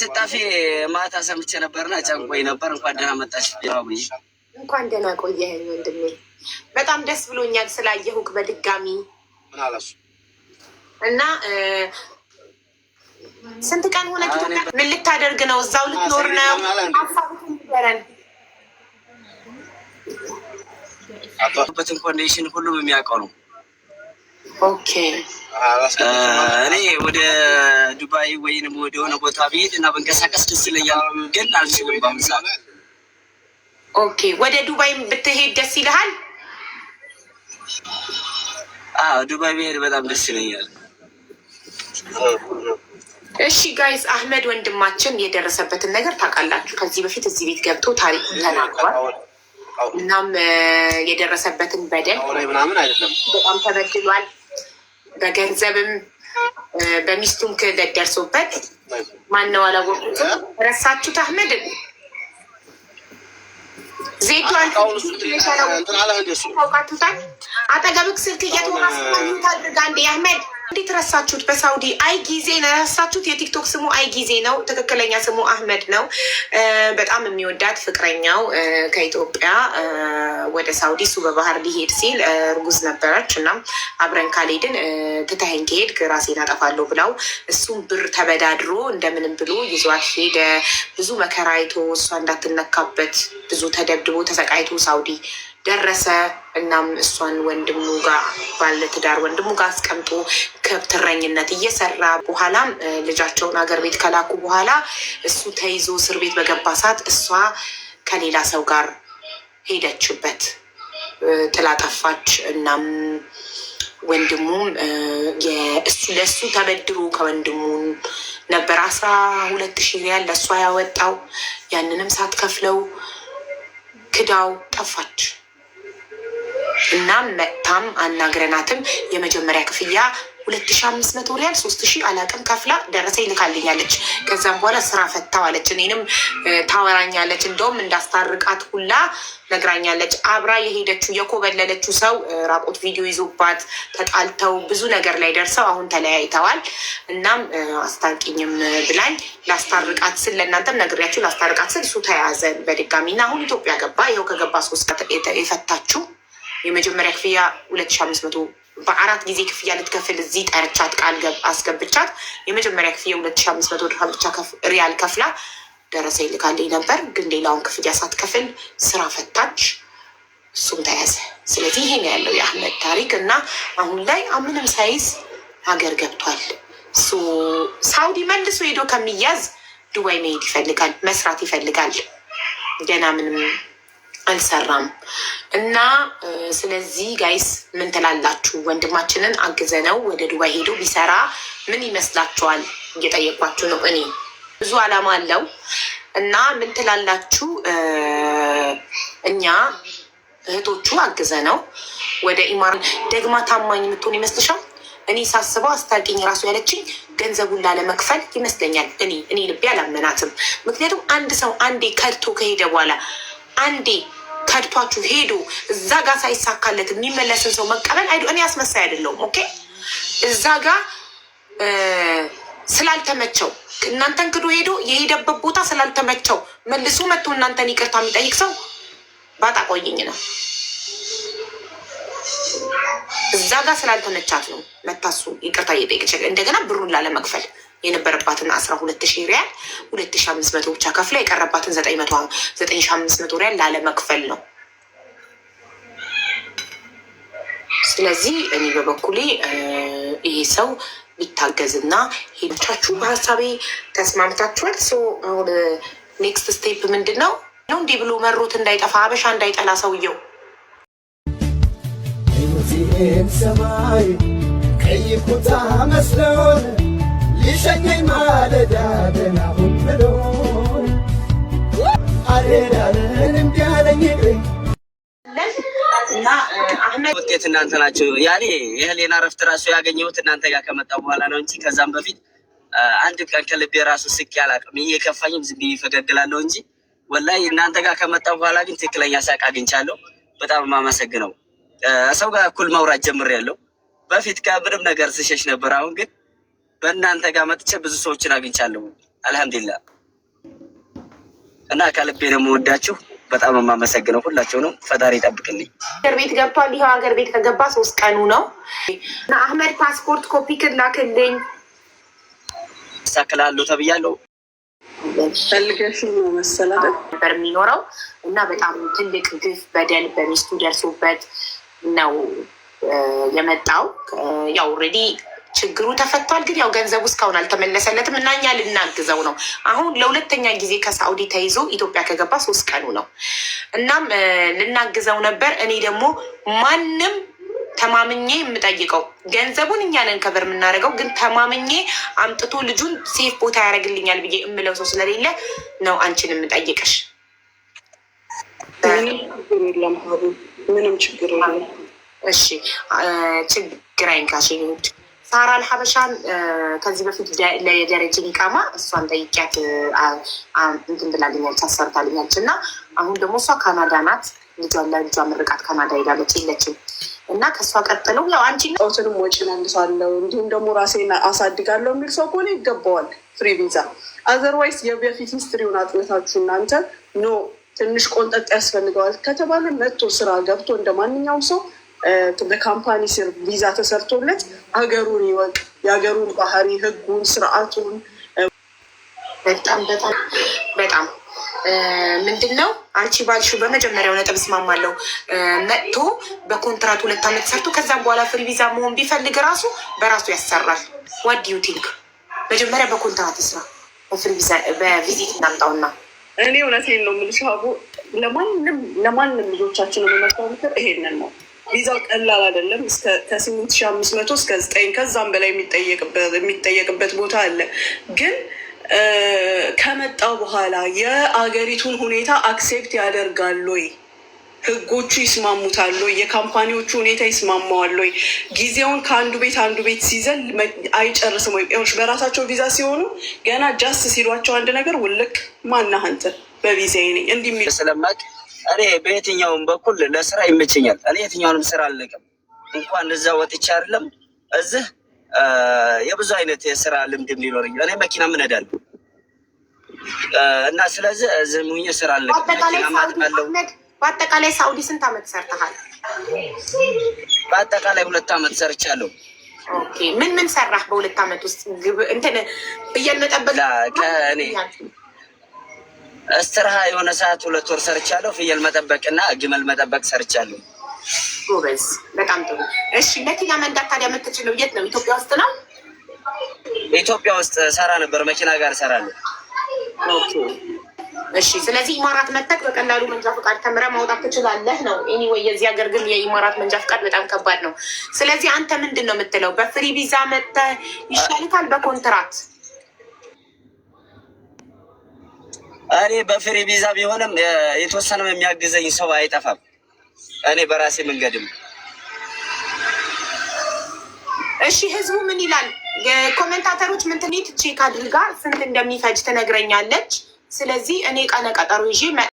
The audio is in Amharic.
ስታፌ ማታ ሰምቼ ነበርና ጨንቆኝ ነበር። እንኳን ደህና መጣሽ። እንኳን ደህና ቆየህ ወንድሜ። በጣም ደስ ብሎኛል ስላየሁክ በድጋሚ እና ስንት ቀን ሆነ? ምን ልታደርግ ነው? እዛው ልትኖር ነው? ንገረን። በትን ኮንዲሽን ሁሉም የሚያውቀው ነው ኦኬ እኔ ወደ ዱባይ ወይም ወደ ሆነ ቦታ ብሄድ እና በንቀሳቀስ ደስ ይለኛል፣ ግን አልችልም በምሳ ኦኬ ወደ ዱባይ ብትሄድ ደስ ይልሃል? አዎ ዱባይ ብሄድ በጣም ደስ ይለኛል። እሺ ጋይዝ አህመድ ወንድማችን የደረሰበትን ነገር ታውቃላችሁ። ከዚህ በፊት እዚህ ቤት ገብቶ ታሪኩን ተናግሯል። እናም የደረሰበትን በደል በጣም ተበድሏል። በገንዘብም በሚስቱም ክህደት ደርሶበት ማነው አላወቁትም። ረሳችሁት አህመድ ዜቷን ታውቃችሁታል። አጠገብክ ስልክ እየተወራ ስታዩት አድርጋ አንዴ አህመድ እንዴት ረሳችሁት? በሳውዲ አይ ጊዜ ረሳችሁት። የቲክቶክ ስሙ አይ ጊዜ ነው። ትክክለኛ ስሙ አህመድ ነው። በጣም የሚወዳት ፍቅረኛው ከኢትዮጵያ ወደ ሳውዲ እሱ በባህር ሊሄድ ሲል እርጉዝ ነበረች። እናም አብረን ካልሄድን ትተኸኝ ከሄድ ራሴን አጠፋለሁ ብለው እሱም ብር ተበዳድሮ እንደምንም ብሎ ይዟት ሄደ። ብዙ መከራ አይቶ እሷ እንዳትነካበት ብዙ ተደብድቦ ተሰቃይቶ ሳውዲ ደረሰ። እናም እሷን ወንድሙ ጋር ባለ ትዳር ወንድሙ ጋር አስቀምጦ ከብት እረኝነት እየሰራ በኋላም ልጃቸውን ሀገር ቤት ከላኩ በኋላ እሱ ተይዞ እስር ቤት በገባ ሰዓት እሷ ከሌላ ሰው ጋር ሄደችበት ትላጠፋች እናም ወንድሙም ለእሱ ተበድሮ ከወንድሙ ነበር አስራ ሁለት ሺህ ሪያል ለእሷ ያወጣው ያንንም ሳትከፍለው ክዳው ጠፋች። እናም መጥታም አናግረናትም የመጀመሪያ ክፍያ ሁለት ሺ አምስት መቶ ሪያል ሶስት ሺ አላቅም ከፍላ ደረሰ ይልካልኛለች። ከዛም በኋላ ስራ ፈታዋለች። እኔንም ታወራኛለች። እንደውም እንዳስታርቃት ሁላ ነግራኛለች። አብራ የሄደችው የኮበለለችው ሰው ራቁት ቪዲዮ ይዞባት ተጣልተው ብዙ ነገር ላይ ደርሰው አሁን ተለያይተዋል። እናም አስታርቂኝም ብላኝ ላስታርቃት ስል ለእናንተም ነግሬያችሁ ላስታርቃት ስል እሱ ተያዘ በድጋሚ እና አሁን ኢትዮጵያ ገባ። ይኸው ከገባ ሶስት የፈታችው የመጀመሪያ ክፍያ ሁለት ሺ አምስት መቶ በአራት ጊዜ ክፍያ ልትከፍል እዚህ ጠርቻት ቃል አስገብቻት የመጀመሪያ ክፍያ ሁለት ሺ አምስት መቶ ድርሃም ብቻ ሪያል ከፍላ ደረሰ ይልካልኝ ነበር፣ ግን ሌላውን ክፍያ ሳትከፍል ስራ ፈታች። እሱም ተያዘ። ስለዚህ ይሄን ያለው የአህመድ ታሪክ እና አሁን ላይ አምንም ሳይዝ ሀገር ገብቷል። ሳውዲ መልሶ ሄዶ ከሚያዝ ዱባይ መሄድ ይፈልጋል፣ መስራት ይፈልጋል። ገና ምንም አልሰራም እና ስለዚህ ጋይስ ምን ትላላችሁ? ወንድማችንን አግዘነው ወደ ዱባይ ሄዶ ቢሰራ ምን ይመስላችኋል? እየጠየኳችሁ ነው። እኔ ብዙ አላማ አለው እና ምን ትላላችሁ? እኛ እህቶቹ አግዘነው ወደ ኢማራ ደግማ ታማኝ የምትሆን ይመስልሻል? እኔ ሳስበው አስታቂኝ ራሱ ያለችኝ ገንዘቡን ላለመክፈል ይመስለኛል። እኔ እኔ ልቤ አላመናትም። ምክንያቱም አንድ ሰው አንዴ ከድቶ ከሄደ በኋላ አንዴ ከድቷችሁ ሄዶ እዛ ጋር ሳይሳካለት የሚመለስን ሰው መቀበል አይ እኔ አስመሳይ አይደለሁም። ኦኬ እዛ ጋር ስላልተመቸው እናንተን ክዶ ሄዶ የሄደበት ቦታ ስላልተመቸው መልሶ መጥቶ እናንተን ይቅርታ የሚጠይቅ ሰው ባጣ ቆይኝ ነው። እዛ ጋር ስላልተመቻት ነው መታሱ ይቅርታ እየጠየቀች እንደገና ብሩን ላለመክፈል የነበረባትን አስራ ሁለት ሺህ ሪያል ሁለት አምስት መቶ ብቻ ከፍላ የቀረባትን ዘጠኝ መቶ ዘጠኝ ሺህ አምስት መቶ ሪያል ላለመክፈል ነው። ስለዚህ እኔ በበኩሌ ይሄ ሰው ቢታገዝና ሄቻችሁ በሀሳቤ ተስማምታችኋል። አሁን ኔክስት ስቴፕ ምንድን ነው ነው እንዲህ ብሎ መሮት እንዳይጠፋ አበሻ እንዳይጠላ ሰውየው ሰማይ ቀይ ኩታ መስለሆነ ሊሸኘኝ ማለዳ ደህና ሁን ብሎ ውጤት እናንተ ናቸው። ያኔ የህሊና እረፍት ራሱ ያገኘሁት እናንተ ጋር ከመጣ በኋላ ነው እንጂ ከዛም በፊት አንድ ቀን ከልቤ ራሱ ስቄ አላውቅም። እየከፋኝም ዝም ብዬ እንጂ እናንተ ጋር ከመጣ በኋላ ግን ትክክለኛ ሳቅ አግኝቻለሁ። በጣም የማመሰግነው ሰው ጋር እኩል ማውራት ጀምሬያለሁ። በፊት ከምንም ነገር ስሸሽ ነበር። አሁን ግን በእናንተ ጋር መጥቼ ብዙ ሰዎችን አግኝቻለሁ። አልሐምዱሊላ እና ከልቤ ነው የምወዳችሁ። በጣም የማመሰግነው ሁላቸው ነው። ፈጣሪ ይጠብቅልኝ። ሀገር ቤት ገብቷል። ይኸው ሀገር ቤት ከገባ ሶስት ቀኑ ነው እና አህመድ ፓስፖርት ኮፒ ክላክልኝ ሳክላለሁ ተብያለሁ። ፈልገሽ ነው ነበር የሚኖረው እና በጣም ትልቅ ግፍ በደል በሚስቱ ደርሶበት ነው የመጣው ያው ኦልሬዲ ችግሩ ተፈቷል። ግን ያው ገንዘቡ እስካሁን አልተመለሰለትም እና እኛ ልናግዘው ነው። አሁን ለሁለተኛ ጊዜ ከሳዑዲ ተይዞ ኢትዮጵያ ከገባ ሶስት ቀኑ ነው። እናም ልናግዘው ነበር። እኔ ደግሞ ማንም ተማምኜ የምጠይቀው ገንዘቡን እኛ ነን ከበር የምናደርገው፣ ግን ተማምኜ አምጥቶ ልጁን ሴፍ ቦታ ያደርግልኛል ብዬ የምለው ሰው ስለሌለ ነው አንቺን የምጠይቅሽ። ምንም ችግር የለም። እሺ ችግር አይንካሽ። ሳራ አልሀበሻን ከዚህ በፊት ለደረጀን ኢቃማ እሷን ጠይቂያት እንትን ብላለኛለች፣ አሰርታለኛለች። እና አሁን ደግሞ እሷ ካናዳ ናት። ልጇን ለልጇ ምርቃት ካናዳ ሄዳለች፣ የለችም። እና ከእሷ ቀጥለው ያው አንቺ ቀውትንም ወጪ መልሳለሁ፣ እንዲሁም ደግሞ ራሴን አሳድጋለው የሚል ሰው ከሆነ ይገባዋል ፍሪ ቪዛ። አዘርዋይስ የበፊት ሂስትሪውን አጥነታችሁ እናንተ ኖ ትንሽ ቆንጠጥ ያስፈልገዋል ከተባለ መጥቶ ስራ ገብቶ እንደ ማንኛውም ሰው በካምፓኒ ስር ቪዛ ተሰርቶለት ሀገሩን ይወቅ፣ የሀገሩን ባህሪ፣ ህጉን፣ ስርዓቱን በጣም በጣም በጣም ምንድን ነው አንቺ ባልሹ በመጀመሪያው ነጥብ እስማማለሁ። መጥቶ በኮንትራት ሁለት ዓመት ሰርቶ ከዛም በኋላ ፍሪ ቪዛ መሆን ቢፈልግ ራሱ በራሱ ያሰራል። ዋድ ዩ ቲንክ? መጀመሪያ በኮንትራት ስራ በፍሪ በቪዚት እናምጣውና እኔ እውነቴን ነው የምልሽ ሀቡ፣ ለማንም ለማንም ልጆቻችን የምመክረው ምክር ይሄንን ነው። ቪዛው ቀላል አይደለም። ከስምንት ሺ አምስት መቶ እስከ ዘጠኝ ከዛም በላይ የሚጠየቅበት ቦታ አለ። ግን ከመጣው በኋላ የአገሪቱን ሁኔታ አክሴፕት ያደርጋል ወይ? ህጎቹ ይስማሙታሉ? የካምፓኒዎቹ ሁኔታ ይስማማዋል ወይ? ጊዜውን ከአንዱ ቤት አንዱ ቤት ሲዘል አይጨርስም ወይ? በራሳቸው ቪዛ ሲሆኑ ገና ጃስት ሲሏቸው አንድ ነገር ውልቅ ማናህንትን በቪዛ ነኝ እንዲህ የሚል ስለማቅ እኔ በየትኛውም በኩል ለስራ ይመቸኛል። እኔ የትኛውንም ስራ አልለቅም። እንኳን እዛ ወጥቼ አይደለም እዚህ የብዙ አይነት የስራ ልምድም ሊኖረኝ እኔ መኪና ምነዳለሁ እና ስለዚህ እዚህ ሙኝ ስራ አልለቅም። በአጠቃላይ ሳኡዲ ስንት አመት ሰርተሃል? በአጠቃላይ ሁለት አመት ሰርቻለሁ። ምን ምን ሰራህ በሁለት አመት ውስጥ እንትን እያነጠበቅ እስትርሃ የሆነ ሰዓት ሁለት ወር ሰርቻለሁ። ፍየል መጠበቅና ግመል መጠበቅ ሰርቻለሁ። ጎበዝ፣ በጣም ጥሩ። እሺ፣ መኪና መንዳት ታዲያ የምትችለው የት ነው? ኢትዮጵያ ውስጥ ነው? ኢትዮጵያ ውስጥ ሰራ ነበር፣ መኪና ጋር ሰራለሁ። እሺ፣ ስለዚህ ኢማራት መጠቅ በቀላሉ መንጃ ፈቃድ ተምረ ማውጣት ትችላለህ ነው። ኤኒዌይ የዚህ ሀገር ግን የኢማራት መንጃ ፈቃድ በጣም ከባድ ነው። ስለዚህ አንተ ምንድን ነው የምትለው? በፍሪ ቪዛ መጥተህ ይሻልታል በኮንትራት እኔ በፍሪ ቪዛ ቢሆንም የተወሰነ የሚያግዘኝ ሰው አይጠፋም። እኔ በራሴ መንገድም እሺ። ህዝቡ ምን ይላል? ኮሜንታተሮች ምንትኔት ቼክ አድርጋ ስንት እንደሚፈጅ ትነግረኛለች። ስለዚህ እኔ ቀነ ቀጠሮ ይዤ